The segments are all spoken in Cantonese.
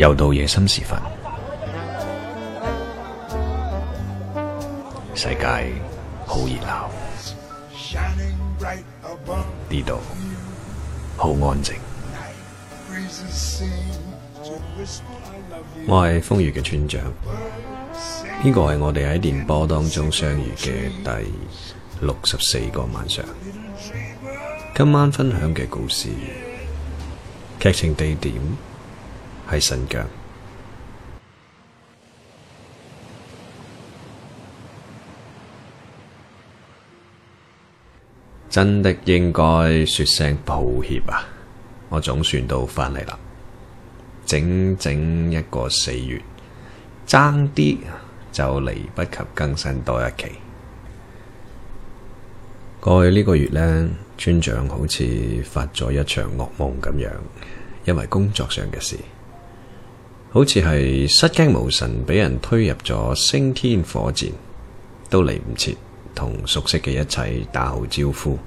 又到夜深時分，世界好熱鬧，呢度好安靜。我係瘋粵嘅村長，呢個係我哋喺電波當中相遇嘅第六十四個晚上。今晚分享嘅故事，劇情地點。係新疆，真的應該說聲抱歉啊！我總算都翻嚟啦，整整一個四月，爭啲就嚟不及更新多一期。過去呢個月呢，村長好似發咗一場噩夢咁樣，因為工作上嘅事。好似係失驚無神，俾人推入咗升天火箭，都嚟唔切，同熟悉嘅一切打好招呼，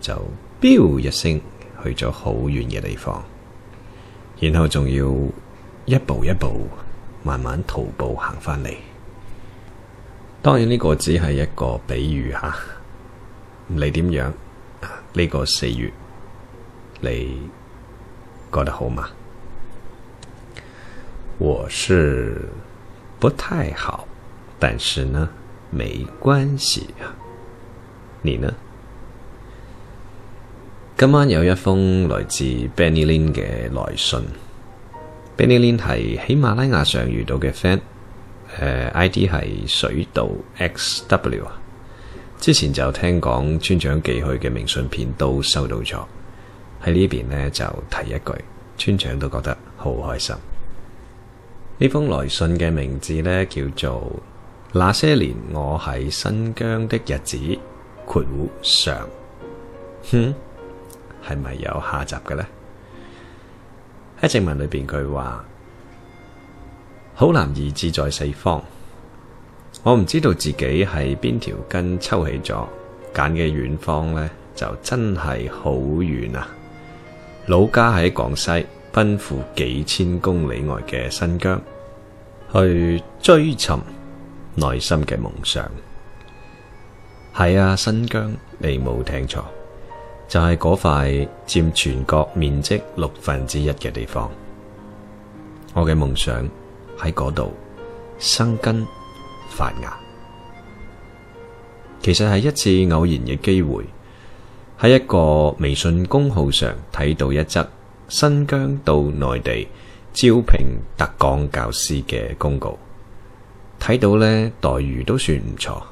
就飆一聲去咗好遠嘅地方，然後仲要一步一步慢慢徒步行翻嚟。當然呢個只係一個比喻吓，唔理點樣，呢個四月你過得好嗎？我是不太好，但是呢，沒關係啊。你呢？今晚有一封來自 Benny Lin 嘅來信。Benny Lin 係喜馬拉雅上遇到嘅 friend，誒，ID 係水稻 XW 啊。之前就聽講村長寄去嘅明信片都收到咗，喺呢邊呢就提一句，村長都覺得好開心。呢封來信嘅名字呢，叫做《那些年我喺新疆的日子》，括弧上，哼，係、嗯、咪有下集嘅呢？喺正文裏邊佢話：好男兒志在四方，我唔知道自己係邊條筋抽起咗，揀嘅遠方呢就真係好遠啊！老家喺廣西，奔赴幾千公里外嘅新疆，去追尋內心嘅夢想。係啊，新疆，你冇聽錯，就係嗰塊佔全國面積六分之一嘅地方。我嘅夢想喺嗰度生根發芽。其實係一次偶然嘅機會，喺一個微信公號上睇到一則新疆到內地。招聘特崗教師嘅公告，睇到咧待遇都算唔錯，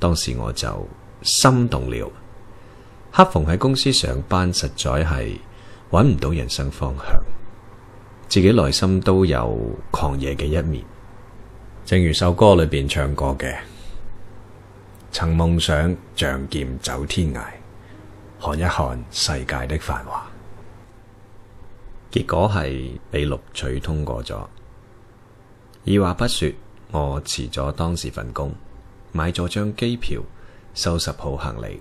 當時我就心動了。黑鳳喺公司上班，實在係揾唔到人生方向，自己內心都有狂野嘅一面，正如首歌裏邊唱過嘅：曾夢想仗劍走天涯，看一看世界的繁華。結果係被錄取通過咗，二話不說，我辭咗當時份工，買咗張機票，收拾好行李，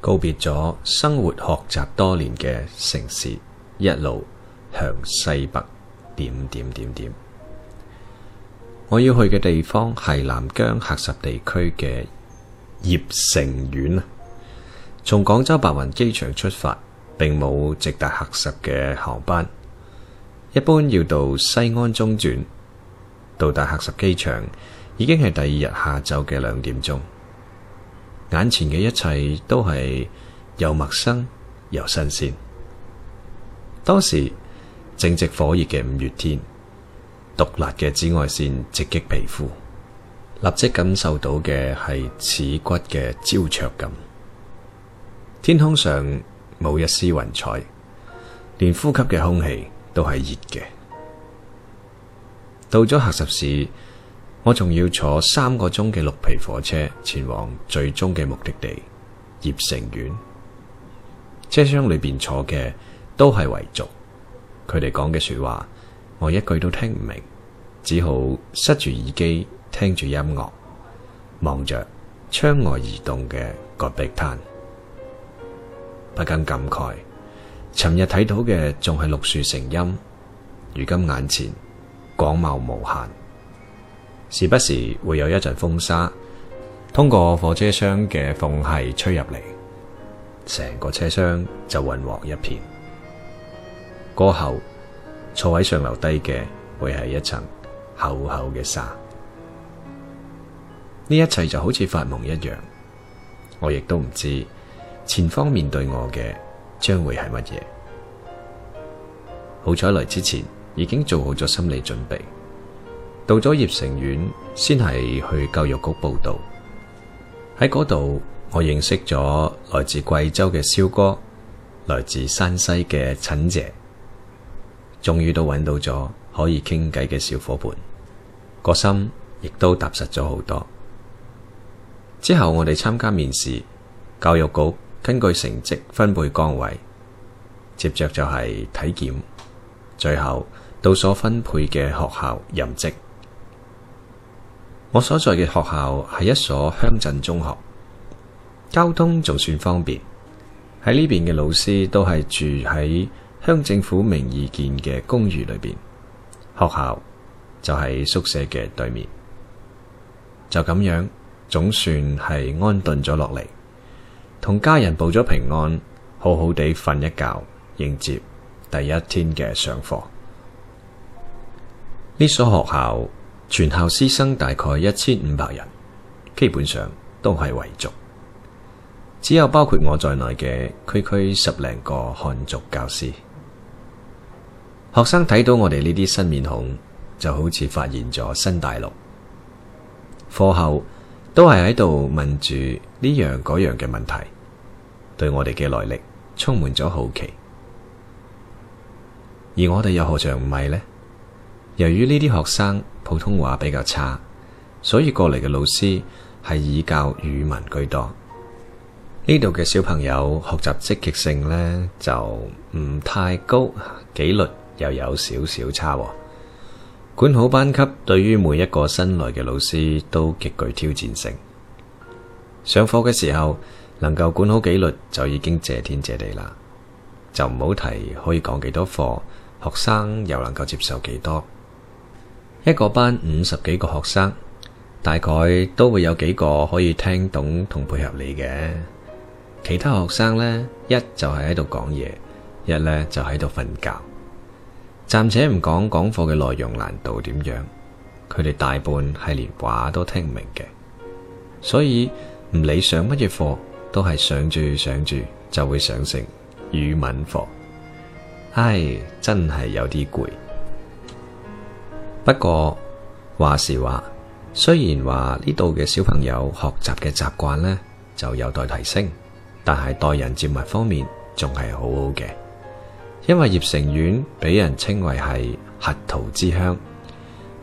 告別咗生活學習多年嘅城市，一路向西北點點點點。我要去嘅地方係南疆喀什地區嘅葉城縣啊！從廣州白雲機場出發。並冇直達喀什嘅航班，一般要到西安中轉。到達喀什機場已經係第二日下晝嘅兩點鐘，眼前嘅一切都係又陌生又新鮮。當時正值火熱嘅五月天，毒辣嘅紫外線直擊皮膚，立即感受到嘅係刺骨嘅焦灼感。天空上。冇一絲雲彩，連呼吸嘅空氣都係熱嘅。到咗喀什市，我仲要坐三個鐘嘅綠皮火車前往最終嘅目的地葉城縣。車廂裏邊坐嘅都係維族，佢哋講嘅說話我一句都聽唔明，只好塞住耳機聽住音樂，望着窗外移動嘅戈壁灘。不禁感慨，尋日睇到嘅，仲係綠樹成蔭，如今眼前廣袤無限。時不時會有一陣風沙通過火車廂嘅縫隙吹入嚟，成個車廂就混濁一片。過後坐位上留低嘅會係一層厚厚嘅沙。呢一切就好似發夢一樣，我亦都唔知。前方面對我嘅將會係乜嘢？好彩嚟之前已經做好咗心理準備。到咗葉城縣先係去教育局報到。喺嗰度，我認識咗來自貴州嘅蕭哥，來自山西嘅陳姐，終於都揾到咗可以傾偈嘅小伙伴，個心亦都踏實咗好多。之後我哋參加面試，教育局。根據成績分配崗位，接着就係體檢，最後到所分配嘅學校任職。我所在嘅學校係一所鄉鎮中學，交通仲算方便。喺呢邊嘅老師都係住喺鄉政府名義建嘅公寓裏邊，學校就喺宿舍嘅對面。就咁樣，總算係安頓咗落嚟。同家人報咗平安，好好地瞓一覺，迎接第一天嘅上課。呢所學校全校師生大概一千五百人，基本上都係維族，只有包括我在內嘅區區十零個漢族教師。學生睇到我哋呢啲新面孔，就好似發現咗新大陸。課後。都係喺度問住呢樣嗰樣嘅問題，對我哋嘅來歷充滿咗好奇。而我哋又何嘗唔係呢？由於呢啲學生普通話比較差，所以過嚟嘅老師係以教語文居多。呢度嘅小朋友學習積極性呢，就唔太高，紀律又有少少差喎。管好班級對於每一個新來嘅老師都極具挑戰性。上課嘅時候，能夠管好紀律就已經謝天謝地啦，就唔好提可以講幾多課，學生又能夠接受幾多。一個班五十幾個學生，大概都會有幾個可以聽懂同配合你嘅，其他學生呢，一就係喺度講嘢，一呢就喺度瞓覺。暫且唔講講課嘅內容難度點樣，佢哋大半係連話都聽唔明嘅，所以唔理上乜嘢課都係上住上住就會上成語文課，唉，真係有啲攰。不過話時話，雖然話呢度嘅小朋友學習嘅習慣呢就有待提升，但係待人接物方面仲係好好嘅。因為葉城縣俾人稱為係核桃之鄉，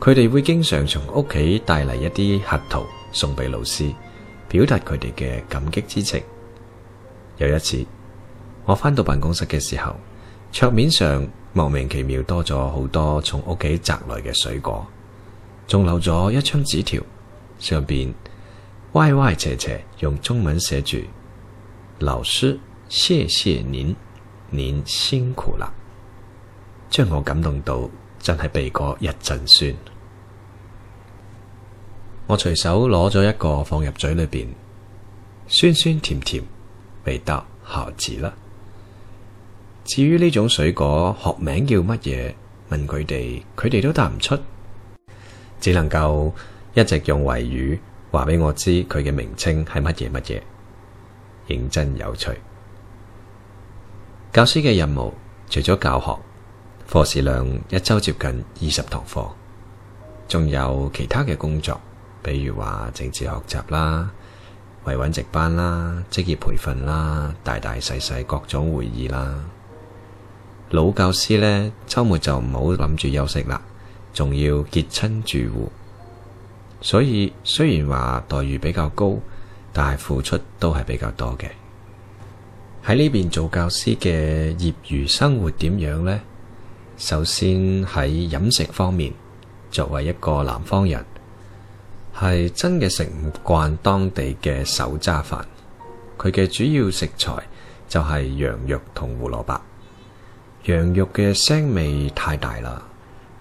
佢哋會經常從屋企帶嚟一啲核桃送俾老師，表達佢哋嘅感激之情。有一次，我返到辦公室嘅時候，桌面上莫名其妙多咗好多從屋企摘來嘅水果，仲留咗一張紙條，上面歪歪斜斜用中文寫住：老師，謝謝您。年先苦啦，將我感動到真係鼻哥一陣酸。我隨手攞咗一個放入嘴裏邊，酸酸甜甜，味得合旨啦。至於呢種水果學名叫乜嘢？問佢哋，佢哋都答唔出，只能夠一直用維語話俾我知佢嘅名稱係乜嘢乜嘢，認真有趣。教師嘅任務除咗教學，課時量一周接近二十堂課，仲有其他嘅工作，比如話政治學習啦、維穩值班啦、職業培訓啦、大大細細各種會議啦。老教師呢，周末就唔好諗住休息啦，仲要結親住戶。所以雖然話待遇比較高，但係付出都係比較多嘅。喺呢邊做教師嘅業餘生活點樣呢？首先喺飲食方面，作為一個南方人，係真嘅食唔慣當地嘅手抓飯。佢嘅主要食材就係羊肉同胡蘿蔔。羊肉嘅腥味太大啦，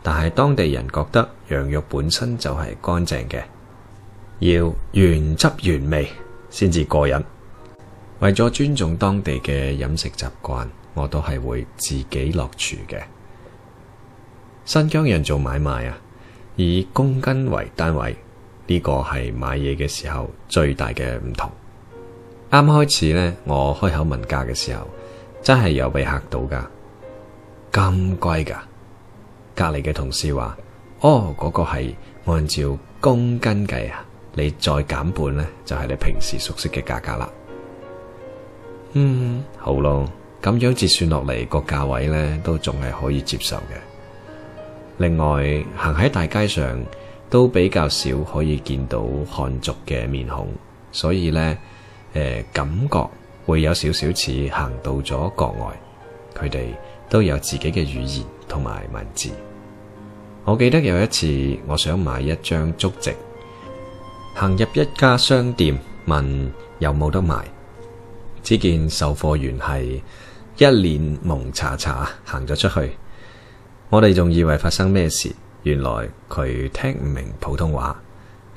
但係當地人覺得羊肉本身就係乾淨嘅，要原汁原味先至過癮。為咗尊重當地嘅飲食習慣，我都係會自己落廚嘅。新疆人做買賣啊，以公斤為單位，呢個係買嘢嘅時候最大嘅唔同。啱開始咧，我開口問價嘅時候，真係有被嚇到噶。咁貴噶？隔籬嘅同事話：哦，嗰個係按照公斤計啊，你再減半咧，就係你平時熟悉嘅價格啦。嗯，好咯，咁樣結算落嚟個價位呢，都仲係可以接受嘅。另外行喺大街上都比較少可以見到漢族嘅面孔，所以呢，誒、呃、感覺會有少少似行到咗國外，佢哋都有自己嘅語言同埋文字。我記得有一次我想買一張竹席，行入一家商店問有冇得賣。只見售貨員係一臉蒙查查行咗出去，我哋仲以為發生咩事，原來佢聽唔明普通話，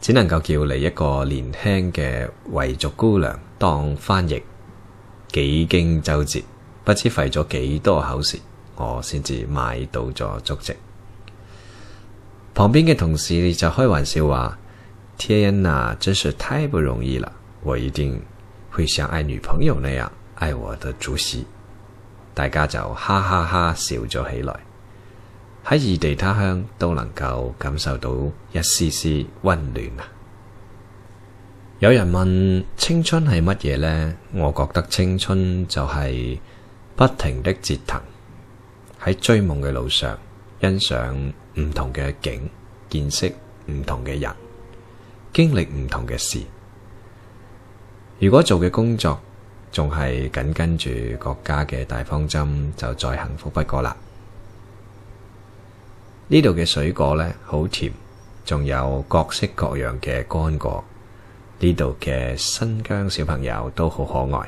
只能夠叫嚟一個年輕嘅維族姑娘當翻譯，幾經周折，不知費咗幾多口舌，我先至買到咗竹席。旁邊嘅同事就開玩笑話：天啊，真是太不容易啦！我一定。會像愛女朋友那樣愛我的主席，大家就哈哈哈笑咗起來。喺異地他鄉都能夠感受到一絲絲溫暖啊！有人問青春係乜嘢咧？我覺得青春就係不停的折騰，喺追夢嘅路上，欣賞唔同嘅景，見識唔同嘅人，經歷唔同嘅事。如果做嘅工作仲係緊跟住國家嘅大方針，就再幸福不過啦。呢度嘅水果呢，好甜，仲有各式各樣嘅乾果。呢度嘅新疆小朋友都好可愛。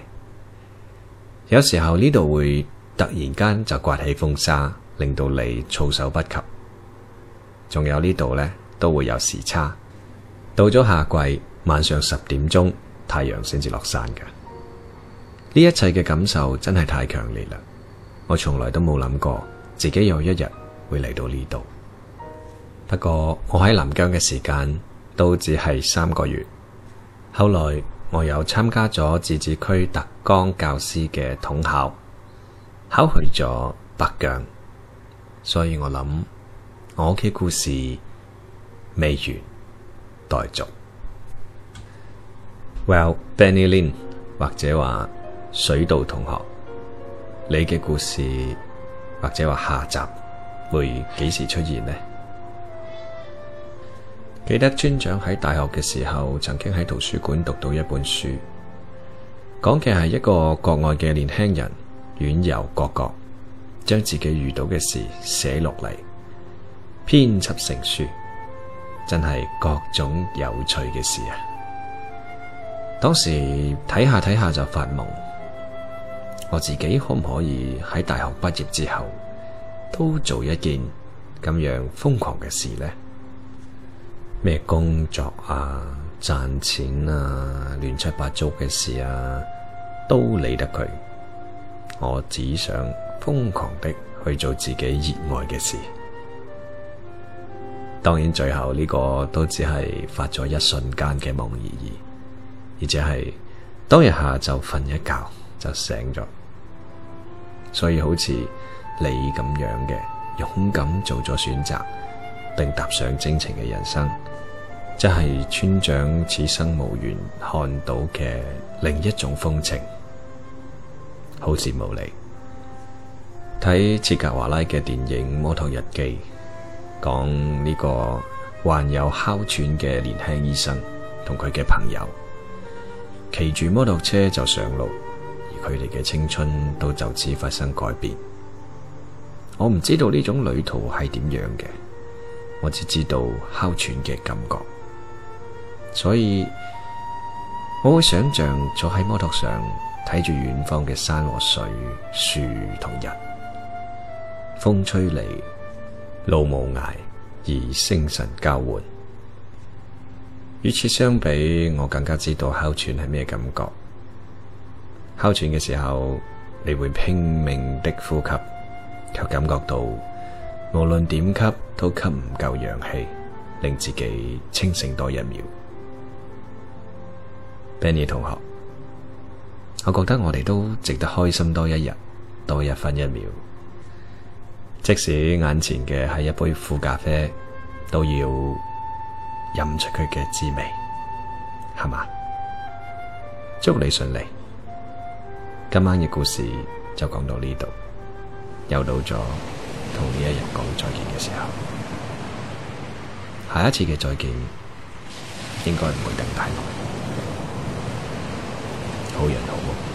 有時候呢度會突然間就颳起風沙，令到你措手不及。仲有呢度呢，都會有時差。到咗夏季晚上十點鐘，太陽先至落山㗎，呢一切嘅感受真係太強烈啦！我從來都冇諗過自己有一日會嚟到呢度。不過我喺南疆嘅時間都只係三個月，後來我又參加咗自治區特崗教師嘅統考，考去咗北疆，所以我諗我屋企故事未完待續。Well，Benny Lin 或者話水道同學，你嘅故事或者話下集會幾時出現呢？記得村長喺大學嘅時候，曾經喺圖書館讀到一本書，講嘅係一個國外嘅年輕人遠遊各國，將自己遇到嘅事寫落嚟，編輯成書，真係各種有趣嘅事啊！當時睇下睇下就發夢，我自己可唔可以喺大學畢業之後都做一件咁樣瘋狂嘅事呢？咩工作啊、賺錢啊、亂七八糟嘅事啊，都理得佢。我只想瘋狂的去做自己熱愛嘅事。當然，最後呢個都只係發咗一瞬間嘅夢而已。而且係當日下晝瞓一覺就醒咗，所以好似你咁樣嘅勇敢做咗選擇，並踏上征程嘅人生，即係村長此生無緣看到嘅另一種風情，好似冇理。睇切格瓦拉嘅電影《摩托日記》，講呢個患有哮喘嘅年輕醫生同佢嘅朋友。騎住摩托車就上路，而佢哋嘅青春都就此發生改變。我唔知道呢種旅途係點樣嘅，我只知道哮喘嘅感覺。所以我會想象坐喺摩托上，睇住遠方嘅山和水、樹同人。風吹嚟，路無涯，而星辰交換。與此相比，我更加知道哮喘係咩感覺。哮喘嘅時候，你會拼命的呼吸，卻感覺到無論點吸都吸唔夠氧氣，令自己清醒多一秒。Benny 同學，我覺得我哋都值得開心多一日，多一分一秒，即使眼前嘅係一杯苦咖啡，都要。飲出佢嘅滋味，係嘛？祝你順利。今晚嘅故事就講到呢度，又到咗同呢一日講再見嘅時候，下一次嘅再見應該唔會等太耐。好人好報、啊。